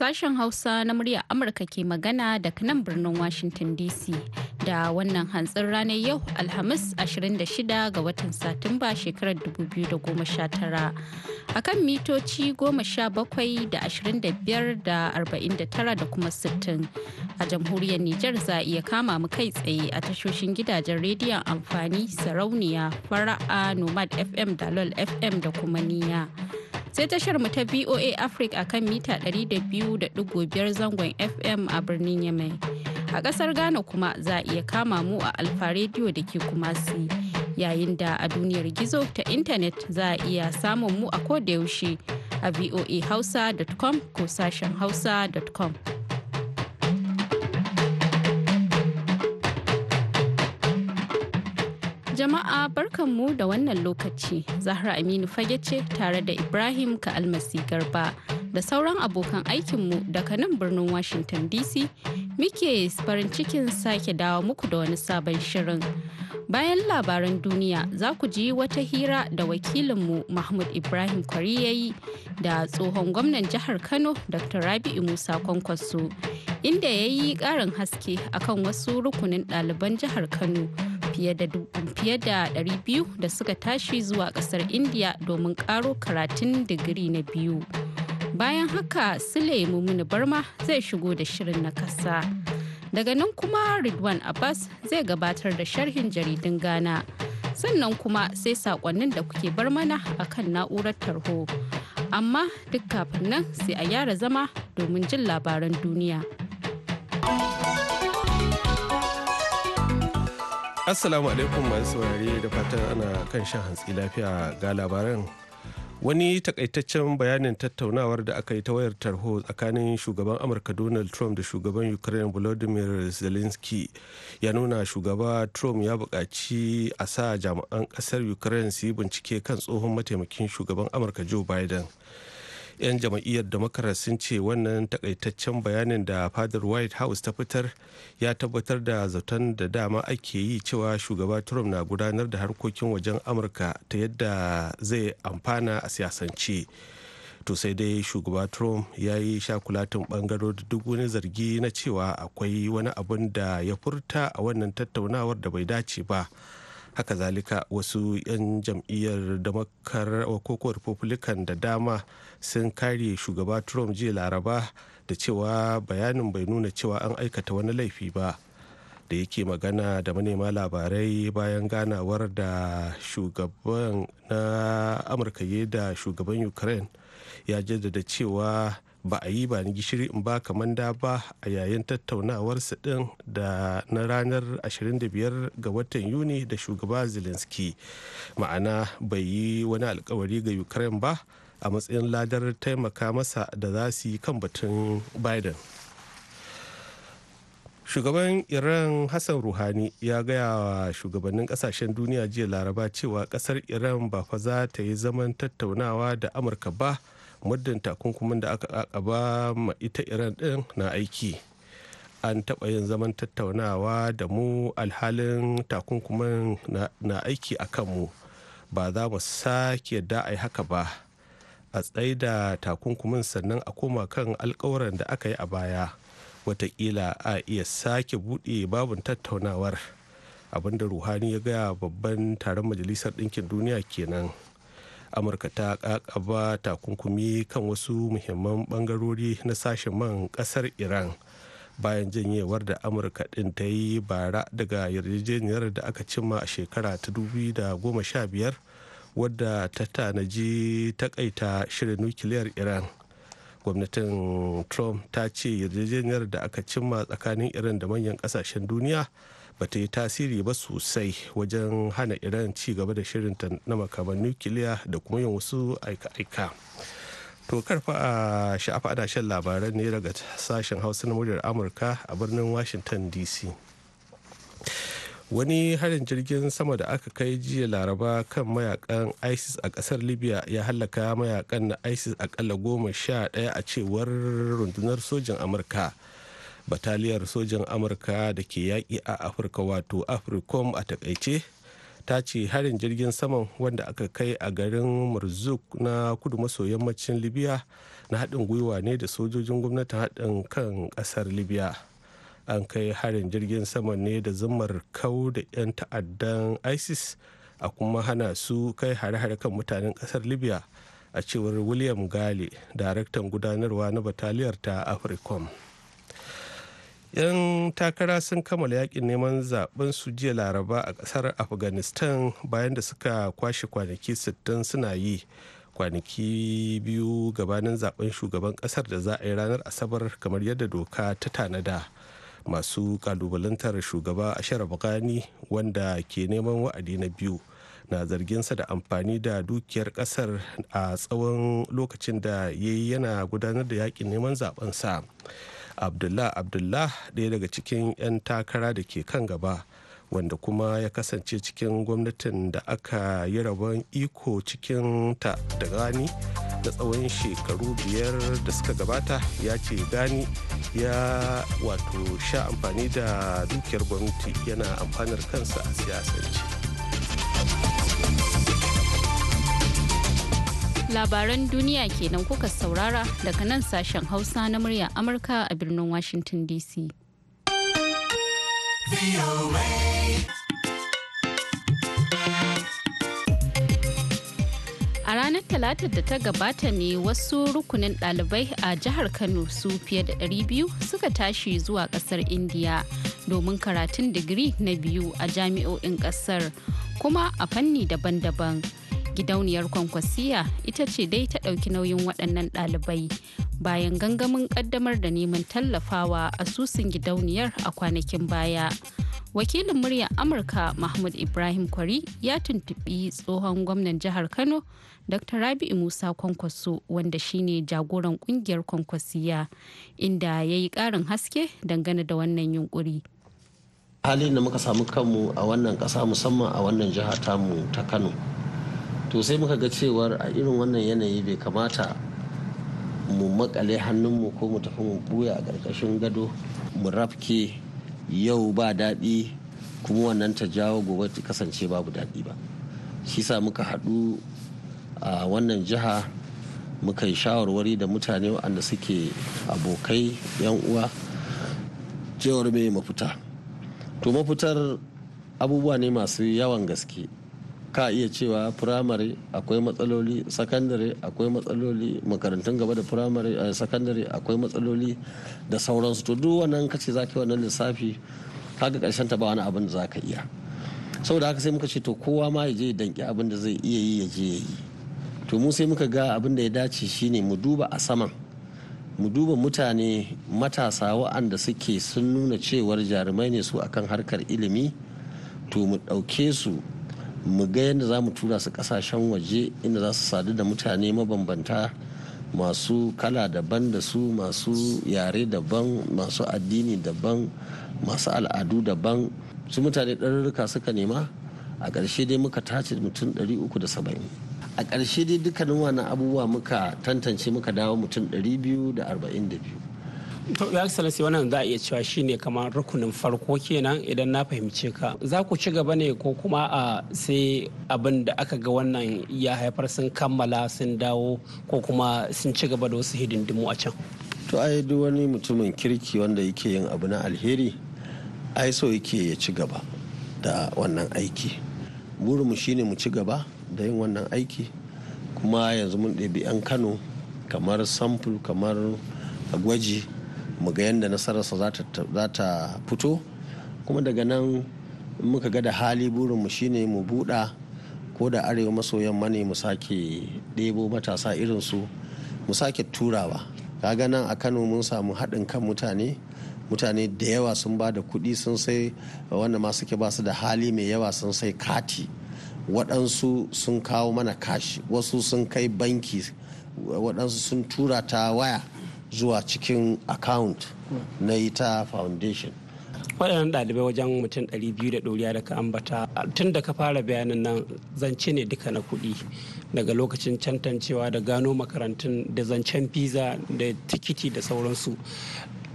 Sashen Hausa na murya Amurka ke magana daga nan birnin Washington DC da wannan hantsin ranar yau Alhamis 26 ga watan Satumba shekarar 2019. tara akan mitoci 17 da 25 da 49 da kuma 60. A jamhuriyar Nijar za a iya kama mu kai tsaye a tashoshin gidajen rediyon amfani sarauniya fara'a Nomad FM da LOL FM da kuma niya. Sai tashar mu ta VOA Africa mita ɗari mita 200 102.5 zangon FM a birnin Yamai. A ƙasar Ghana kuma za a iya kama mu a Alfa Radio da ke Kumasi. Yayin da a duniyar gizo ta intanet za a iya samun mu a yaushe a voahausa.com ko sashen hausa.com. jama'a barkanmu da wannan lokaci zahra aminu fage ce tare da ibrahim ka almasi garba da sauran abokan aikinmu daga nan birnin Washington DC muke farin cikin sake dawo muku da wani sabon shirin. Bayan labaran duniya za ku ji wata hira da wakilinmu Mahmud Ibrahim Kwari ya da tsohon gwamnan jihar Kano Dr. Rabi'u Musa Kwankwaso inda ya yi ƙarin haske akan wasu rukunin ɗaliban jihar Kano. fiye da 200 da suka tashi zuwa ƙasar indiya domin ƙaro karatun digiri na biyu Bayan haka Sule Mumuni Barma zai shigo da shirin na kasa. Daga nan kuma Ridwan Abbas zai gabatar da sharhin jaridun Ghana. Sannan kuma sai sakonnin da kuke bar mana akan na'urar tarho. Amma duk kafin nan sai a yara zama domin jin labaran duniya. Assalamu alaikum masu saurare da fatan ana kan shan hantsi lafiya ga labaran wani takaitaccen bayanin tattaunawar da aka yi ta wayar tarho tsakanin shugaban amurka donald trump da shugaban ukraine volodymyr zelensky ya nuna shugaba trump ya buƙaci a sa jami'an ƙasar ukraine su yi bincike kan tsohon mataimakin shugaban amurka joe biden 'yan jam'iyyar democrat sun ce wannan takaitaccen bayanin da fadar white house ta fitar ya tabbatar da zaton da dama ake yi cewa shugaba trump na gudanar da harkokin wajen amurka ta yadda zai amfana a siyasance to sai dai shugaba trump ya yi shakulatin bangaro da duk wani zargi na cewa akwai wani abun da ya furta a wannan tattaunawar da bai dace ba haka zalika wasu 'yan jam'iyyar da ko republican da dama sun kare shugaba trump jiya laraba da cewa bayanin bai nuna cewa an aikata wani laifi ba da yake magana da manema labarai bayan ganawar da shugaban na amurka ya da shugaban ukraine ya jaddada cewa ba a yi ba ni gishiri in ba kamanda ba a yayin tattaunawarsa din da na ranar 25 ga watan yuni da shugaba zelensky ma'ana bai yi wani alkawari ga ukraine ba a matsayin ladar taimaka masa da za su yi kan batun biden shugaban iran hassan ruhani ya gaya wa shugabannin kasashen duniya jiya laraba cewa kasar iran ba fa za ta yi zaman tattaunawa da amurka ba muddin takunkumin da aka ba ma ita iran din na aiki an taɓa yin zaman tattaunawa da mu alhalin takunkumin na aiki a kanmu ba za mu sake da haka ba a da takunkumin sannan a koma kan alkawuran da aka yi a baya watakila a iya sake buɗe babin tattaunawar abinda ruhani ya gaya babban taron majalisar ɗinkin duniya kenan amurka ta kakaba takunkumi kan wasu muhimman bangarori na sashen man ƙasar iran bayan janyewar da amurka ɗin ta yi bara daga yarjejeniyar da aka cimma a shekara ta 2015 wadda ta tanaji takaita shirin nukiliyar iran gwamnatin trump ta ce yarjejeniyar da aka cimma tsakanin iran da manyan kasashen duniya ba ta yi tasiri ba sosai wajen hana iran ci gaba da shirinta na makaman nukiliya da kuma yin wasu aika-aika to karfa a sha'afa ana shan labaran ne daga sashen hausa na muryar amurka a birnin washington dc wani harin jirgin sama da aka kai jiya laraba kan mayakan isis a kasar libya ya hallaka mayakan na isis akalla goma sha daya a cewar rundunar sojin amurka bataliyar sojan amurka da ke yaƙi a afirka wato africom a takaice ta ce harin jirgin saman wanda aka kai a garin marzuk na kudu maso yammacin libya na haɗin gwiwa ne da sojojin gwamnatin haɗin kan ƙasar libya an kai harin jirgin sama ne da zumar kau da 'yan ta'addan isis a kuma hana su kai hare-hare kan mutanen kasar libya a cewar william gale daraktan gudanarwa na bataliyar ta africom yan takara sun kammala yakin neman zaben su jiya laraba a kasar afghanistan bayan da suka kwashe kwanaki 60 suna yi kwanaki biyu gabanin zaben shugaban kasar da za a yi ranar asabar kamar yadda doka ta tanada masu kalubalantar shugaba ashara bukani wanda ke neman wa'adi na biyu na zarginsa da amfani da dukiyar kasar a tsawon lokacin da ya yi yana gudanar da yakin neman sa abdullah abdullah ɗaya daga cikin 'yan takara da ke kan gaba wanda kuma ya kasance cikin gwamnatin da aka yi rabon iko cikin ta da gani da tsawon shekaru biyar da suka gabata ya ce gani ya wato sha amfani da dukiyar gwamnati yana amfanar kansa a siyasance labaran duniya kenan kuka saurara daga nan sashen hausa na murya amurka a birnin washington dc VOA. A ranar Talatar da ta gabata ne wasu rukunin ɗalibai a jihar Kano su fiye da 200 suka tashi zuwa ƙasar Indiya domin karatun digiri na biyu a jami'o'in ƙasar kuma a fanni daban-daban. gidauniyar kwankwasiya ita ce dai ta ɗauki nauyin waɗannan ɗalibai bayan gangamin ƙaddamar da neman tallafawa asusun gidauniyar a kwanakin baya wakilin muryar amurka mahmud ibrahim kwari ya tuntubi tsohon gwamnan jihar kano dr rabi'u musa kwankwaso wanda shine jagoran ƙungiyar kwankwasiya inda ya yi ƙarin haske dangane da wannan yunƙuri. halin da muka samu kanmu a wannan ƙasa musamman a wannan jiha tamu ta kano to sai muka ga cewar a irin wannan yanayi bai kamata mu makale hannunmu ko mu tafi mu buya a ƙarƙashin gado mu rafke yau ba daɗi kuma wannan ta jawo gobe ta kasance babu daɗi ba shi sa muka haɗu a wannan jiha muka yi shawarwari da mutane waɗanda suke abokai yan uwa cewar mai mafita to mafutar abubuwa ne masu yawan gaske ka iya cewa firamare akwai matsaloli sakandare akwai matsaloli makarantun gaba da firamare a eh, sakandare akwai matsaloli da sauransu to duk wannan kace zaki wannan lissafi kaga karshen ta ba wani abin da zaka iya saboda haka sai muka ce to kowa ma ya je ya danki abin da zai iya yi ya je ya yi to mu sai muka ga abin da ya dace shine mu duba a saman mu duba mutane matasa wa'anda suke sun nuna cewar jarumai ne su akan harkar ilimi to mu ɗauke su mu ga yadda za mu tura su kasashen waje inda za su sadu da mutane mabambanta masu kala daban da su masu yare daban masu addini daban masu al'adu daban su mutane ɗarurruka suka nema a ƙarshe dai muka tace mutum 370 a ƙarshe dai dukkanin wannan abubuwa muka tantance muka dawo mutum 242 to ya excellency wannan za a iya cewa shine kamar rukunin farko kenan idan na fahimce ka za ku ci gaba ne ko kuma a sai abin da aka ga wannan ya haifar sun kammala sun dawo ko kuma sun ci gaba da wasu hidindimu a can to ai duk wani mutumin kirki wanda yake yin abu na alheri ai so yake ya ci gaba da wannan aiki burinmu shine mu ci gaba da yin wannan aiki kuma yanzu mun ɗabi 'yan kano kamar sample kamar gwaji mu ga yadda nasararsa za ta fito kuma daga nan muka ga da hali burinmu shine mu buɗa ko da arewa maso yamma ne mu sake ɗebo matasa irinsu mu sake turawa kaga nan a kano mun samu haɗin kan mutane mutane da yawa sun ba da kuɗi sun sai wanda ma suke ba su da hali mai yawa sun sai kati waɗansu sun kawo mana kashi wasu sun kai banki waɗansu sun tura ta waya zuwa cikin account na ita foundation waɗannan ɗalibai wajen mutum 200 da ɗoriya da ka ambata tun da ka fara bayanin nan zance ne duka na kuɗi daga lokacin cantancewa da gano makarantun da zancen visa da tikiti da sauransu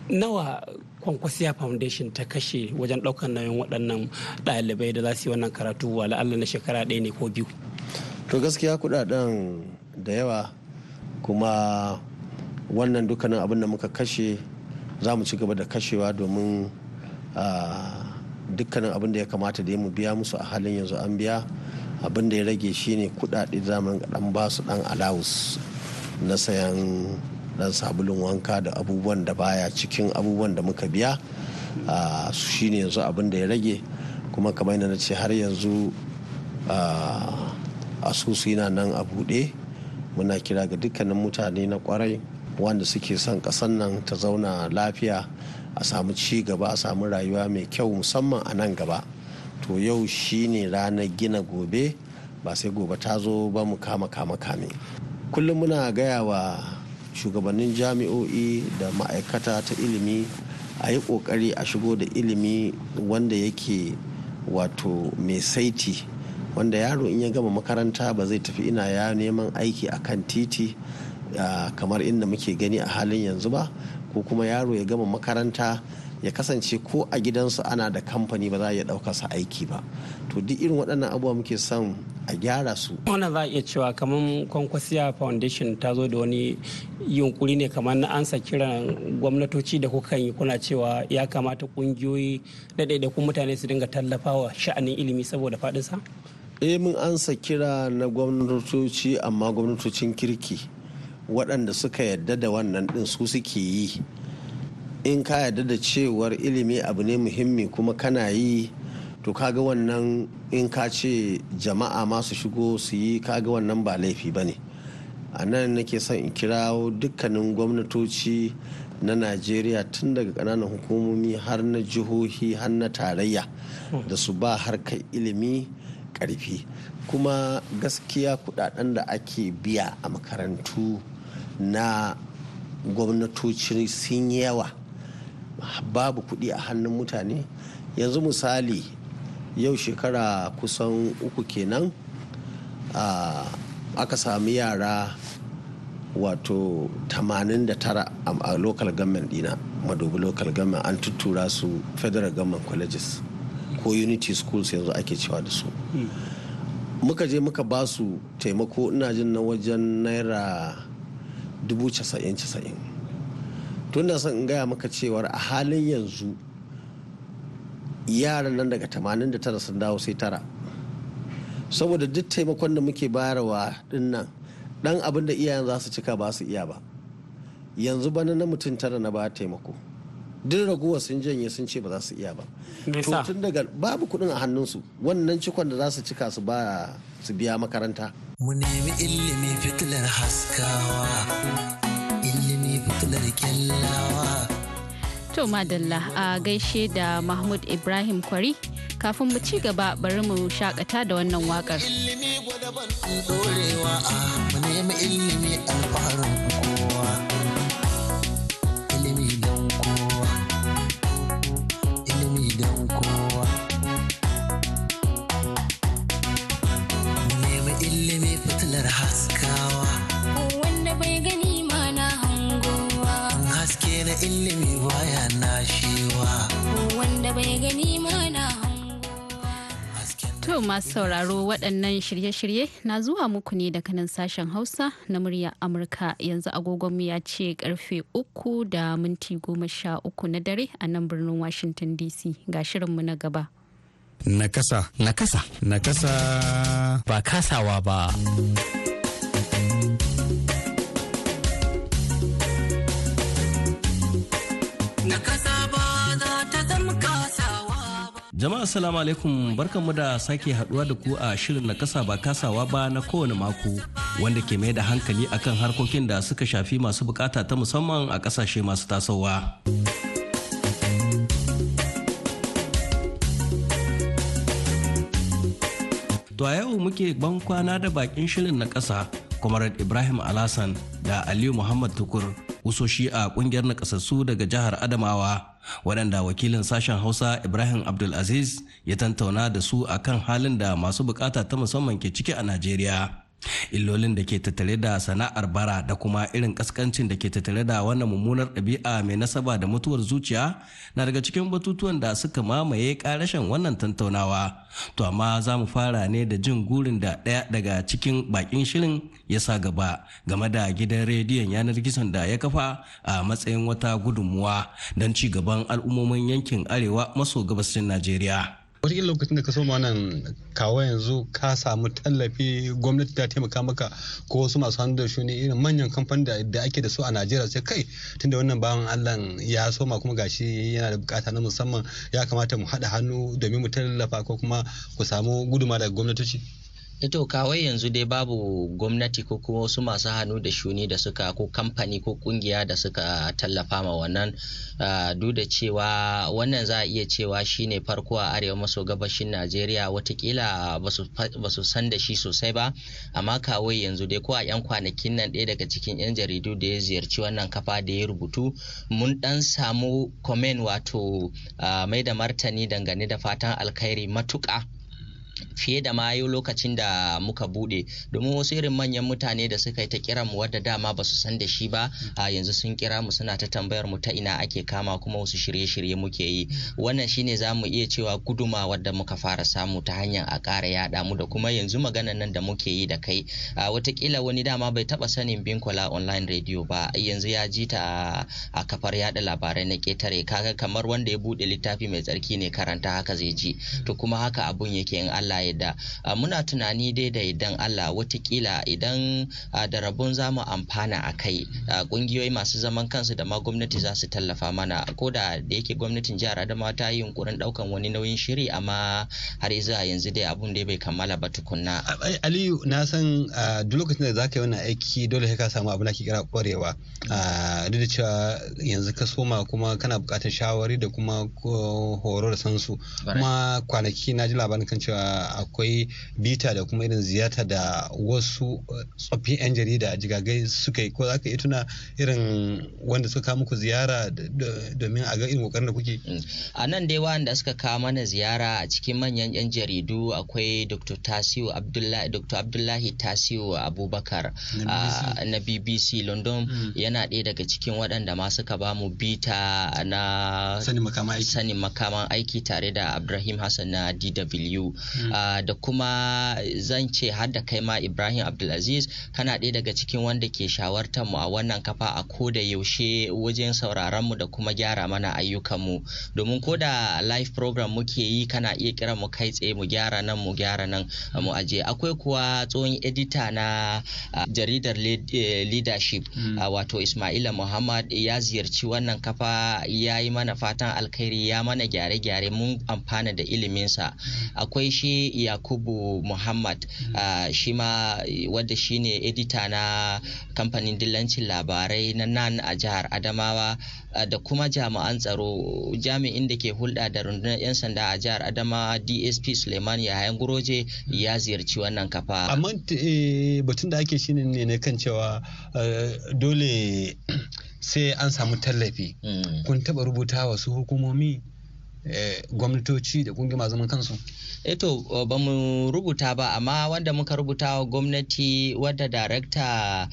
nawa kwankwasiya foundation ta kashe wajen ɗaukar nauyin waɗannan ɗalibai da za su yi wannan karatu wa la'alla na shekara ɗaya ne ko biyu to gaskiya kuɗaɗen da yawa kuma wannan dukkanin abin da muka kashe za mu ci gaba da kashewa domin dukkanin abin da ya kamata da mu biya musu a halin yanzu an biya abin da ya rage shine kudade zamanin dan basu dan alawus na sayan dan sabulun wanka da abubuwan da baya cikin abubuwan da muka biya su shine yanzu abin da ya rage kuma kamar yadda na ce har yanzu asusu yana nan a buɗe muna kira ga dukkanin mutane na kwarai wanda suke son ƙasar nan ta zauna lafiya a samu ci gaba a samu rayuwa mai kyau musamman a nan gaba to yau shine ranar gina gobe ba sai gobe ta zo ba mu kama kama kame kullum muna gaya wa shugabannin jami'o'i da ma'aikata ta ilimi a yi kokari a shigo da ilimi wanda yake wato mai saiti wanda yaro in ya gama makaranta ba zai tafi ina ya neman aiki a kan titi kamar inda muke gani a halin yanzu ba ko kuma yaro ya gama makaranta ya kasance ko a gidansu ana da kamfani ba za a ɗauka su aiki ba to duk irin waɗannan abubuwa muke son a gyara su wannan za a iya cewa kamar kwankwasiya foundation ta zo da wani yunkuri ne kamar na ansa kiran gwamnatoci da kuka yi kuna cewa ya kamata kungiyoyi da kun mutane su dinga tallafawa sha'anin ilimi saboda faɗinsa eh mun ansa kira na gwamnatoci amma gwamnatocin kirki waɗanda suka yarda da wannan ɗin su suke yi in ka yarda da cewar ilimi abu ne muhimmi kuma kana yi to kaga wannan in ka ce jama'a masu shigo su yi kaga wannan ba laifi ba ne a nan nake son in kira dukkanin gwamnatoci na najeriya tun daga ƙananan hukumomi har na jihohi har na tarayya da su ba harkar ilimi ƙarfi kuma gaskiya kudaden da ake biya a makarantu na gwamnatoci sun yawa babu kuɗi a hannun mutane yanzu misali yau shekara kusan uku kenan aka sami yara wato 89 a local government dina madobi local government an tuttura su federal government colleges ko unity schools yanzu ake cewa da su hmm. muka je muka ba su taimako ina jin na wajen naira dubu casa'in tun da son in gaya maka cewar a halin yanzu yaran nan daga 89 sun dawo sai tara saboda duk taimakon da muke bayarwa din nan dan abin da iyayen za su cika ba su iya ba yanzu bana na mutum tara na ba taimako duk raguwa sun janye sun ce ba za su iya ba tun daga babu kudin a hannunsu wannan cikon da za su cika su ba su biya makaranta. Mu nemi ilimi fitilar haskawa, ilimi fitilar kyallawa. To Madalla a gaishe da Mahmud Ibrahim Kwari kafin mu ci gaba bari mu shakata da wannan wakar. Ilimi gwada ban ɗorewa mu nemi ilimi alfaharin masu sauraro waɗannan shirye-shirye na zuwa muku ne daga nan sashen Hausa na murya Amurka yanzu agogonmu ya ce karfe uku da minti goma sha uku na dare a nan birnin Washington DC ga shirinmu na gaba. Nakasa. Nakasa. Nakasa. Ba kasawa ba. Nakasa. Jama'a salamu alaikum barkanmu da sake haduwa da ku a shirin na kasa ba kasawa ba na kowane mako wanda ke mai da hankali akan harkokin da suka shafi masu bukata ta musamman a kasashe masu tasowa. To a yau muke ban kwana da bakin shirin na kasa comrade ibrahim alasan da aliyu muhammad tukur usoshi a kungiyar nakasassu daga jihar adamawa waɗanda wakilin sashen hausa ibrahim abdulaziz ya tantauna da su akan halin da masu bukata ta musamman ke ciki a najeriya illolin da ke tattare da sana'ar bara da kuma irin kaskancin da ke tattare da wannan mummunar ɗabi'a mai nasaba da mutuwar zuciya na daga cikin batutuwan da suka mamaye karashen wannan tantaunawa to amma za mu fara ne da jin gurin da ɗaya daga cikin bakin shirin ya sa gaba game da gidan rediyon yanar gizon da ya kafa a matsayin wata gudunmuwa don ci gaban al'ummomin yankin arewa maso gabashin najeriya wata lokacin da ka ma nan kawo yanzu ka samu tallafi gwamnati ta taimaka maka ko wasu masu hannu da ne irin manyan kamfanin da ake da su a najeriya sai kai tunda wannan bawan allah ya soma kuma gashi yana da bukata na musamman ya kamata mu haɗa hannu domin mu tallafa ko kuma ku samu guduma daga gwamnatoci Ito eh kawai yanzu dai babu gwamnati ko kuma wasu masu hannu da shuni da suka ko kamfani ko kungiya da suka tallafa ma wannan duk da cewa wannan za a iya cewa shine farko a arewa maso gabashin Najeriya watakila ba su san da shi sosai ba amma kawai yanzu dai ko a 'yan kwanakin nan ɗaya daga cikin 'yan jaridu da ya ziyarci wannan kafa da ya rubutu mun dan samu komen wato mai da martani dangane da fatan alkhairi matuƙa fiye da ma lokacin da muka bude domin wasu irin manyan mutane da suka yi ta kira mu wadda dama ba su san da shi ba a yanzu sun kira mu suna ta tambayar mu ta ina ake kama kuma wasu shirye-shirye muke yi wannan shine za mu iya cewa guduma wadda muka fara samu ta hanyar a ƙara yaɗa mu da kuma yanzu maganan nan da muke yi da kai a watakila wani dama bai taba sanin binkola online radio ba yanzu ya ji ta a kafar yada labarai na ketare kaga kamar wanda ya bude littafi mai tsarki ne karanta haka zai ji to kuma haka abun yake in Allah yadda ah, muna tunani dai da idan Allah watakila idan ah, da rabon za mu amfana a kai ah, ƙungiyoyi masu zaman kansu da ma gwamnati za su tallafa mana ko da da yake gwamnatin jihar Adamawa ta yi yunkurin daukan wani nauyin shiri amma har zuwa yanzu dai abun dai bai kammala ba tukunna Aliyu na san duk lokacin da zaka yi wannan aiki dole sai ka samu abu da ke kira kwarewa duk da cewa yanzu ka soma kuma kana bukatar shawari da kuma horo da sansu kuma kwanaki na ji labarin kan cewa akwai bita da kuma irin ziyarta da wasu eh, tsoffin 'yan jarida a jigagai suka yi ko za ka yi tuna irin wanda suka kawo muku ziyara domin a ga irin kokarin da kuke mm. a nan dai wanda suka kawo mana ziyara a cikin manyan 'yan jaridu akwai dr tasiu abdullahi dr abdullahi tasiu abubakar na ah, bbc london mm. yana ɗaya daga cikin waɗanda ma suka ba mu bita na sanin makaman aiki tare da abdulrahim hassan na dw mm. ah, Ah, da kuma zan ce har da kai ma Ibrahim Abdulaziz kana ɗaya daga cikin wanda ke shawartar mu a wannan kafa a ko da yaushe wajen sauraron mu da kuma gyara mana ayyukan mu domin ko da live program muke yi kana iya kira mu kai tsaye mu gyara nan mu gyara nan mu aje akwai kuwa tsohon edita na ah, jaridar eh, leadership hmm. ah, wato Ismaila Muhammad ya ziyarci wannan kafa ya yi mana fatan alkhairi ya mana gyare-gyare mun amfana da iliminsa hmm. akwai shi yakubu muhammad uh, shi ma wadda shine edita na kamfanin dillancin labarai na nan a jihar adamawa ah, da kuma jami'an tsaro jami'in da ke hulɗa da rundunar 'yan sanda a jihar adamawa dsp suleiman yahayan guroje mm. ya ziyarci wannan kafa amma eh, batun da ake shine ne na kan cewa eh, dole sai an samu tallafi mm. kun taɓa rubuta wasu hukumomi Eh, gwamnatoci da kungiyar masu zaman kansu eto eh eh, ba mu rubuta ba amma wanda muka rubuta wa gwamnati wadda darakta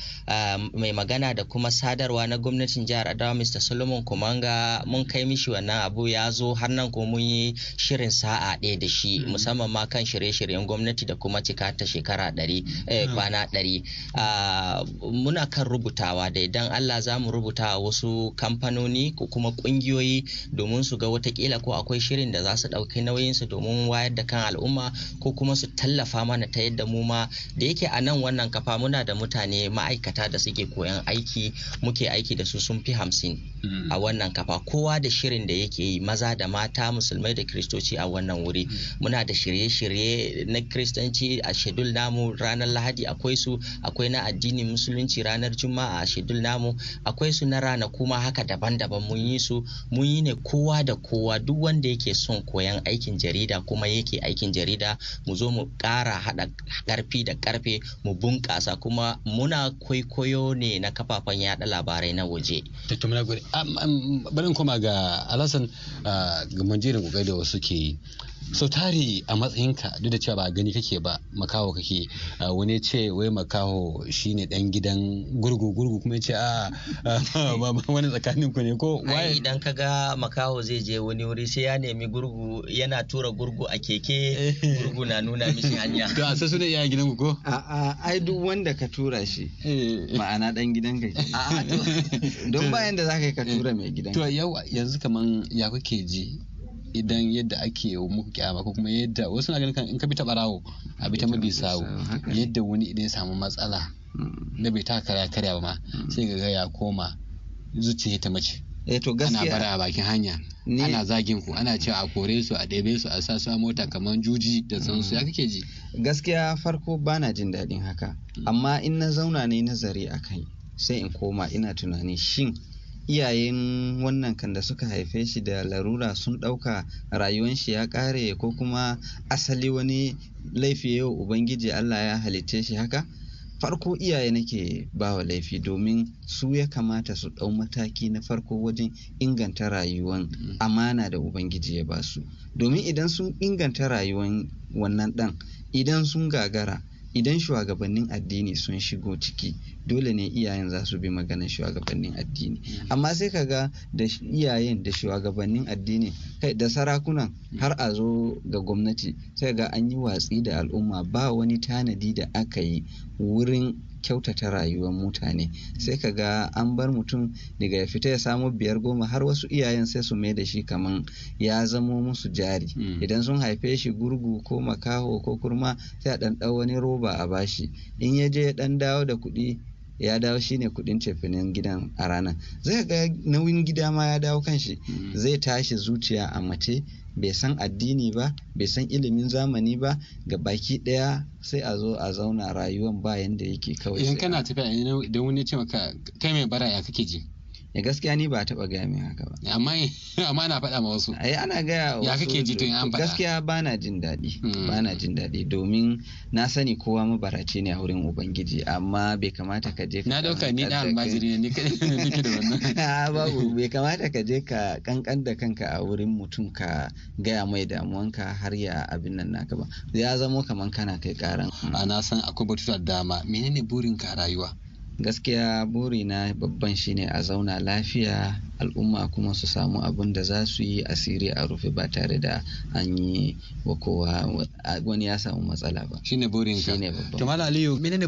mai magana da kuma sadarwa na gwamnatin jihar adawa mr solomon kumanga mun kai mishi wannan abu ya zo har nan ko mun yi shirin sa'a ɗaya da shi mm-hmm. musamman ma kan shirye-shiryen gwamnati da kuma cika ta shekara ɗari mm-hmm. kwana ɗari ah, muna kan rubutawa da idan allah za mu rubuta wasu kamfanoni ko kuma ƙungiyoyi domin su ga watakila ko a akwai shirin da za su ɗauki nauyinsu domin wayar da kan al'umma ko kuma su tallafa mana ta yadda mu ma da yake a nan wannan kafa muna da mutane ma'aikata da suke koyan aiki muke aiki da su sun fi hamsin a mm. wannan kafa kowa da shirin da yake yi maza da mata musulmai da kiristoci a wannan wuri mm. muna da shirye-shirye na kiristanci a shedul namu ranar lahadi akwai su akwai na addinin musulunci ranar juma'a a shedul namu akwai su na rana kuma haka daban-daban mun yi su mun yi ne kowa da kowa duk wanda yake son koyan aikin jarida kuma yake aikin jarida mu zo mu ƙara haɗa ƙarfi da karfe mu bunƙasa kuma muna kwaikwayo ne na kafafen yaɗa labarai na waje. Ah, bari koma ga Alasan ah, ga manjirin da wasu ke yi. so tari a matsayinka duk da cewa ba gani kake ba makaho kake ah, wani ce wai makaho shine dan gidan gurgu gurgu kuma ce ah, ah, a wani tsakanin ku ne ko wai idan ka ga makaho zai je wani wuri sai ya nemi gurgu yana tura gurgu a keke eh. gurgu na nuna mishi hanya to a sai sune iya gidan ku ko a ai duk wanda ka tura shi eh. ma'ana dan gidan ka a don bayan da zaka ka tura mai gidan to yanzu kaman ya kuke ji idan yadda ake muku kyama ko kuma yadda wasu na ganin in ka bi ta barawo a bi ta mabi sawo yadda wani idan ya samu matsala mm. na bai ta karya karya ba ma mm. sai ga ya koma zuciya ta mace eh, ana bara a bakin hanya ana zagin ku ana cewa a kore su a ɗebe su a sa su mota kamar juji da sansu mm. ya kake ji gaskiya farko bana jin daɗin haka amma in na zauna ne nazari a kai sai in koma ina tunani shin iyayen wannan kan da suka haife shi da larura sun ɗauka rayuwan shi ya ƙare ko kuma asali wani laifi yau ubangiji Allah ya halicce shi haka farko iyaye nake bawa laifi domin su ya kamata su ɗau mataki na farko wajen inganta rayuwan mm. amana da ubangiji ya basu domin idan sun inganta rayuwan wannan ɗan idan sun gagara idan shugabannin addini sun shigo ciki dole ne iyayen za su bi maganar shugabannin addini amma sai ka ga da iyayen da shugabannin addini kai da sarakunan har a zo ga gwamnati sai ga an yi watsi da al'umma ba wani tanadi da aka yi wurin kyautata rayuwar mutane sai ka ga an bar mutum daga ya fita ya samo biyar goma har wasu iyayen sai su mai da shi kaman ya zamo musu jari hmm. idan sun haife shi gurgu ko makaho ko kurma sai a ɗan wani roba a bashi in ya je ya ɗan dawo da kuɗi ya dawo shi ne kudin cefinin gidan a ranar zai ga nauyin gida ma ya dawo kanshi hmm. zai tashi zuciya a mace bai san addini ba bai san ilimin zamani ba ga baki daya sai a zo a zauna rayuwan ba yanda yake kawai idan kana tafiya idan wani ce maka kai mai bara kake ji ya eh, gaskiya ni ba a taɓa gaya min haka ba amma na faɗa ma wasu ai eh, ana gaya wasu ya kake ji to an faɗa gaskiya ba na jin daɗi hmm. na jin daɗi domin na sani kowa mabarace ne a wurin ubangiji amma bai kamata ka je na dauka ni da almajiri ne ni nake da wannan a ah, babu bai kamata ka je ka kankan da kanka a wurin mutum ka gaya mai damuwanka har ya abin nan naka ba ya zamo kaman kana kai karan a ah, na san akwai batutar dama menene burinka a rayuwa gaskiya burina babban shine a zauna lafiya al'umma kuma su samu abin da za su yi asiri a rufe ba tare da an yi wa kowa wani ya samu matsala ba shine burinka shine babban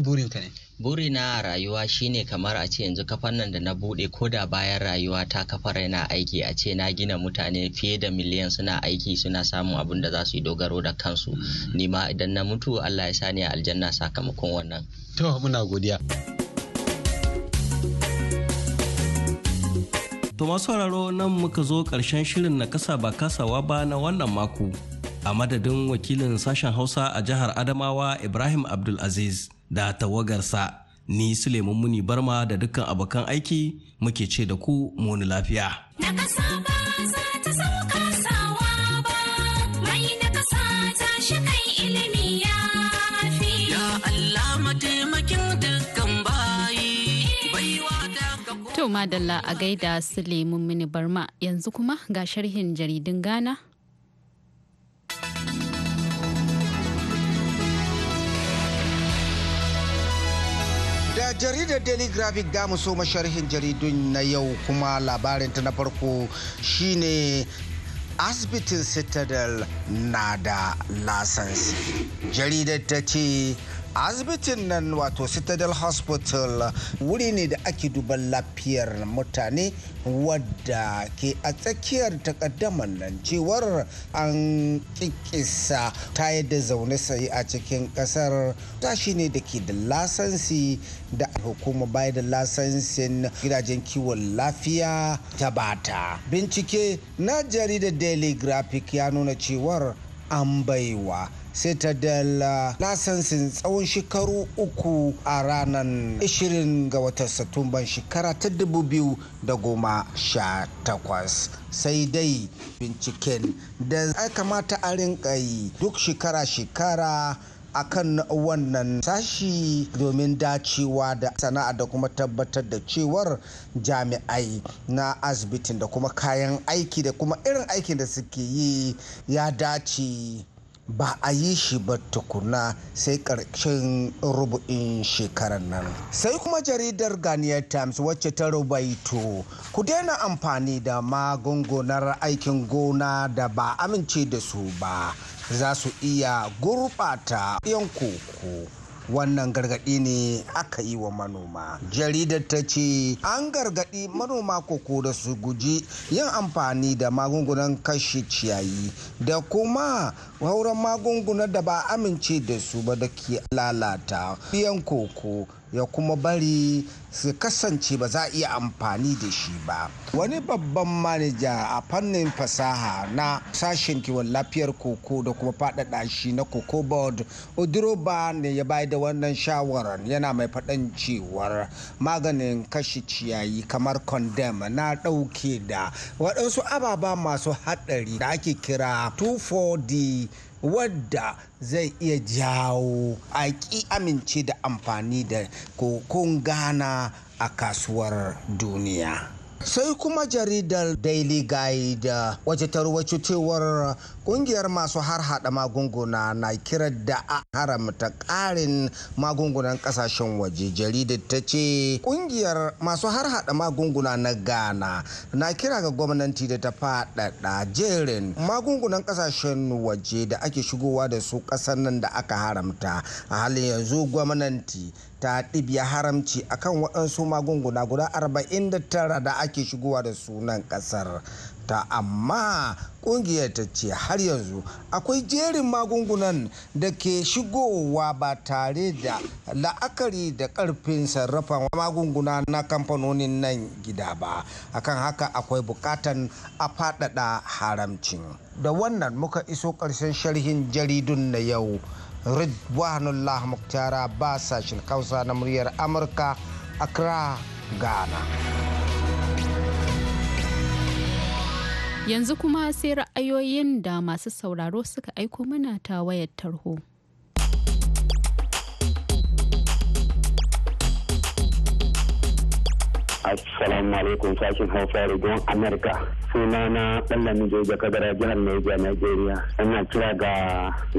burinka ne burina a rayuwa shine kamar a ce yanzu kafan nan da na bude ko da bayan rayuwa ta kafar yana aiki a ce na gina mutane fiye da miliyan suna aiki suna samun abin da za su yi dogaro da kansu mm. nima idan na mutu Allah ya sani a aljanna sakamakon wannan to muna godiya To masu sauraro nan muka zo ƙarshen shirin na kasa ba kasawa ba na wannan mako. A madadin wakilin sashen Hausa a jihar Adamawa Ibrahim Abdulaziz da tawagarsa ni Suleiman Muni Barma da dukkan abokan aiki muke ce da ku muni lafiya. Na madalla a gaida su lemun mini barma yanzu kuma ga sharhin jaridun Ghana. da jaridar daily graphic ga mu so masharhin jaridun na yau kuma labarin ta na farko shine asibitin citadel na da lasansi jaridar ta ce asibitin nan wato citadel hospital wuri ne da ake duban lafiyar mutane wadda ke a tsakiyar takaddaman nan cewar an kikisa ta yadda zaune sai a cikin kasar shi ne da ke da lasansi da hukuma bayar da lasansin gidajen kiwon lafiya ta bata bincike na jaridar daily graphic ya nuna cewar an baiwa citadel lasansin tsawon shekaru uku a ranar 20 ga watan satumban shekara ta da goma sha 2018 sai dai binciken da ai kamata a rinka yi duk shekara-shekara a kan wannan sashi domin dacewa da sana'a da kuma tabbatar da cewar jami'ai na asibitin da kuma kayan aiki da kuma irin aikin da suke yi ya dace ba a yi shi ba tukuna sai karshen rubu'in shekarar nan sai kuma jaridar ghanaian times wacce ta rubaito ku daina amfani da magungunar aikin gona da ba amince da su ba za su iya gurɓata yan koko wannan gargaɗi ne aka yi wa manoma jaridar ta ce an gargaɗi manoma koko da su guji yin amfani da magungunan kashe ciyayi da kuma auren magungunan da ba amince da su ba da ke lalata biyan koko ya kuma bari su kasance ba za a iya amfani da shi ba wani babban manija a fannin fasaha na sashen kiwon lafiyar koko da kuma faɗaɗa shi na koko board odiroba ne ya bayar da wannan shawarar yana mai faɗan cewar maganin kashe ciyayi kamar condem na ɗauke da waɗansu ababa masu haɗari da ake kira 24d wadda zai iya jawo a ƙi amince da amfani da kokon ghana a kasuwar duniya. sai kuma jaridar daily guide wacce ta cewar kungiyar masu harhaɗa magunguna na kira da a haramta ƙarin magungunan ƙasashen waje jaridar ta ce kungiyar masu harhaɗa magunguna na ghana na kira ga gwamnati da ta faɗaɗa jerin magungunan ƙasashen waje da ake shigowa da su ƙasar nan da aka haramta a halin yanzu gwamnati ta ɗibiya haramci akan waɗansu magunguna guda 49 da ake shigowa da sunan ƙasar ta amma ƙungiyar ta ce har yanzu akwai jerin magungunan da ke shigowa ba tare da la'akari da ƙarfin sarrafa magunguna na kamfanonin nan gida ba akan haka akwai buƙatan a faɗaɗa haramcin da wannan muka iso ƙarshen sharhin jaridun na yau ridwanullah muktara ba sashen kausa na muryar amurka accra ghana yanzu kuma sai ra'ayoyin da masu sauraro suka aiko mana ta wayar tarho Assalamu alaikum sashen Hausa don Amurka. suna na ɗallamin jirgin kabara jihar Neja, Najeriya. Ana kira ga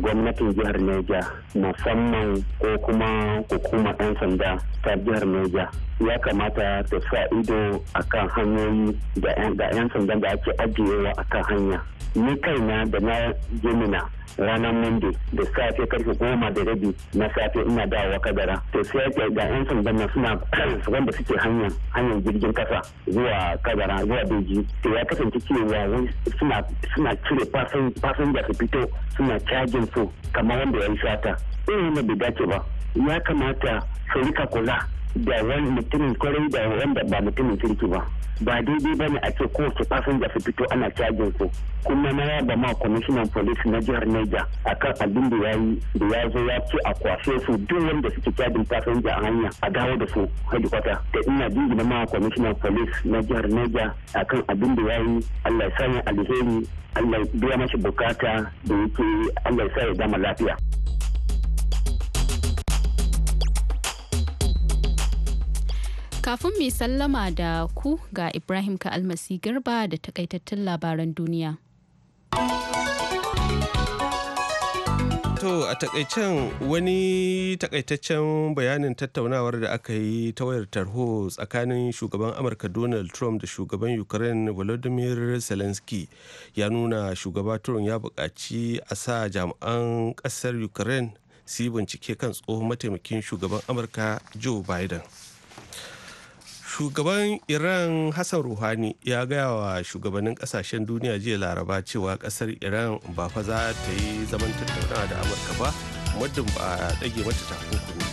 gwamnatin jihar Neja musamman ko kuma hukumar 'yan sanda ta jihar Neja. Ya kamata ta sa ido a kan hanyoyi da 'yan sandan da ake ajiyewa a kan hanya. Ni na da na jimina ranar Monday da safe karfe goma da rabi na safe ina dawowa kadara. To sai ga 'yan sandan nan suna wanda suke hanyar hanyar jirgin kasa zuwa kadara zuwa Beji. To ya kasa kasance cewa wai suna cire fasinja su fito suna cajin su kamar wanda ya yi sata. Ina na bai dace ba. Ya kamata su rika kula da wani mutumin kwarai da wanda ba mutumin kirki ba ba daidai ba ne a ce kowace fasinja su fito ana cajin su kuma na yaba ma kwamishinan polis na jihar Niger akan abin da ya yi da ya zo ya ce a kwashe su duk wanda suke cajin fasinja a hanya a dawo da su hedikwata da ina jingina ma kwamishinan polis na jihar Niger akan abin da ya yi Allah ya sanya alheri Allah ya biya mashi bukata da yake Allah ya sa ya dama lafiya. Kafin mai sallama da ku ga Ibrahim ka almasi garba da takaitattun labaran duniya. To a takaicen wani takaitaccen bayanin tattaunawar da aka yi ta wayar tarho tsakanin shugaban Amurka Donald Trump da shugaban Ukraine Volodymyr Zelensky ya nuna shugaba Trump ya bukaci a sa jami'an ƙasar Ukraine su yi bincike kan tsohon mataimakin shugaban Amurka Joe Biden. shugaban iran hassan ruhani ya gaya wa shugabannin kasashen duniya jiya laraba cewa kasar iran ba fa za ta yi zaman tattaunawa da amurka ba muddin ba a dage mata takunkumi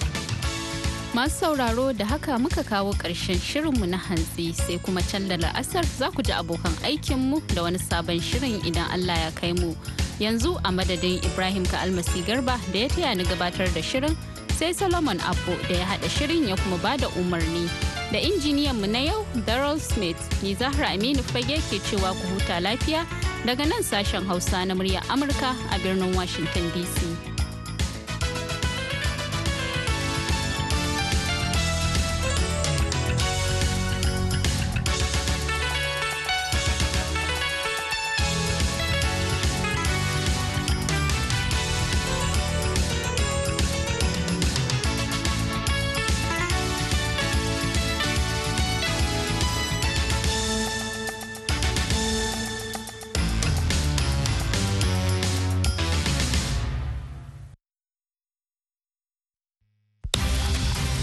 masu sauraro da haka muka kawo ƙarshen shirinmu na hantsi sai kuma can da la'asar za ku ji abokan aikinmu da wani sabon shirin idan allah ya kai mu yanzu a madadin ibrahim ka almasi garba da ya taya ni gabatar da shirin sai solomon abu da ya haɗa shirin ya kuma bada umarni da injiniyan mu na yau daryl smith ni zahra aminu fage ke cewa ku huta lafiya daga nan sashen hausa na muryar amurka a birnin washington dc